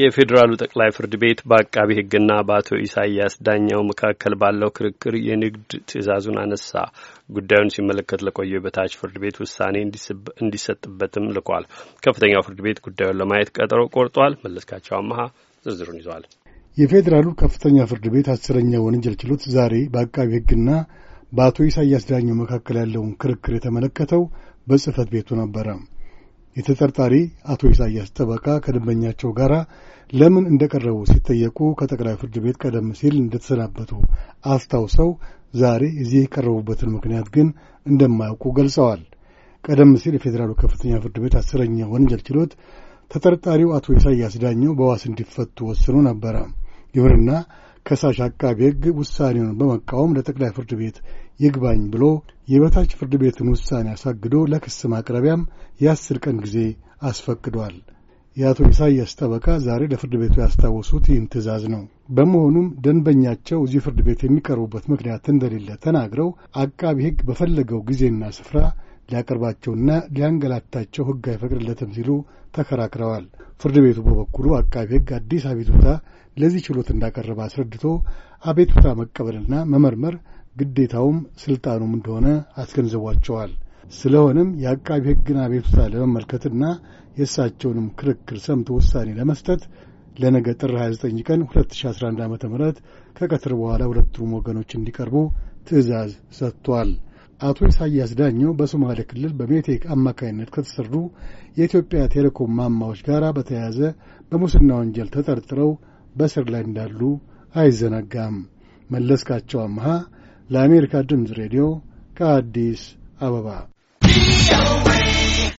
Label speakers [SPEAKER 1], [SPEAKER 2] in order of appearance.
[SPEAKER 1] የፌዴራሉ ጠቅላይ ፍርድ ቤት በአቃቢ ሕግና በአቶ ኢሳያስ ዳኛው መካከል ባለው ክርክር የንግድ ትዕዛዙን አነሳ። ጉዳዩን ሲመለከት ለቆየ የበታች ፍርድ ቤት ውሳኔ እንዲሰጥበትም ልኳል። ከፍተኛው ፍርድ ቤት ጉዳዩን ለማየት ቀጠሮ ቆርጧል። መለስካቸው አመሃ ዝርዝሩን ይዟል።
[SPEAKER 2] የፌዴራሉ ከፍተኛ ፍርድ ቤት አስረኛ ወንጀል ችሎት ዛሬ በአቃቢ ሕግና በአቶ ኢሳያስ ዳኛው መካከል ያለውን ክርክር የተመለከተው በጽህፈት ቤቱ ነበረ። የተጠርጣሪ አቶ ኢሳያስ ጠበቃ ከደንበኛቸው ጋር ለምን እንደቀረቡ ሲጠየቁ ከጠቅላይ ፍርድ ቤት ቀደም ሲል እንደተሰናበቱ አስታውሰው ዛሬ እዚህ የቀረቡበትን ምክንያት ግን እንደማያውቁ ገልጸዋል። ቀደም ሲል የፌዴራሉ ከፍተኛ ፍርድ ቤት አስረኛ ወንጀል ችሎት ተጠርጣሪው አቶ ኢሳያስ ዳኘው በዋስ እንዲፈቱ ወስኖ ነበረ። ይሁንና ከሳሽ አቃቢ ሕግ ውሳኔውን በመቃወም ለጠቅላይ ፍርድ ቤት ይግባኝ ብሎ የበታች ፍርድ ቤትን ውሳኔ አሳግዶ ለክስ ማቅረቢያም የአስር ቀን ጊዜ አስፈቅዷል። የአቶ ኢሳያስ ጠበቃ ዛሬ ለፍርድ ቤቱ ያስታወሱት ይህን ትዕዛዝ ነው። በመሆኑም ደንበኛቸው እዚህ ፍርድ ቤት የሚቀርቡበት ምክንያት እንደሌለ ተናግረው አቃቢ ሕግ በፈለገው ጊዜና ስፍራ ሊያቀርባቸውና ሊያንገላታቸው ሕግ አይፈቅድለትም ሲሉ ተከራክረዋል። ፍርድ ቤቱ በበኩሉ አቃቢ ሕግ አዲስ አቤቱታ ለዚህ ችሎት እንዳቀረበ አስረድቶ አቤቱታ መቀበልና መመርመር ግዴታውም ስልጣኑም እንደሆነ አስገንዝቧቸዋል። ስለሆነም የአቃቢ ሕግን አቤቱታ ለመመልከትና የእሳቸውንም ክርክር ሰምቶ ውሳኔ ለመስጠት ለነገ ጥር 29 ቀን 2011 ዓ ም ከቀትር በኋላ ሁለቱም ወገኖች እንዲቀርቡ ትዕዛዝ ሰጥቷል። አቶ ኢሳያስ ዳኘው በሶማሌ ክልል በሜቴክ አማካኝነት ከተሰሩ የኢትዮጵያ ቴሌኮም ማማዎች ጋር በተያያዘ በሙስና ወንጀል ተጠርጥረው በስር ላይ እንዳሉ አይዘነጋም። መለስካቸው አምሃ ለአሜሪካ ድምፅ ሬዲዮ ከአዲስ አበባ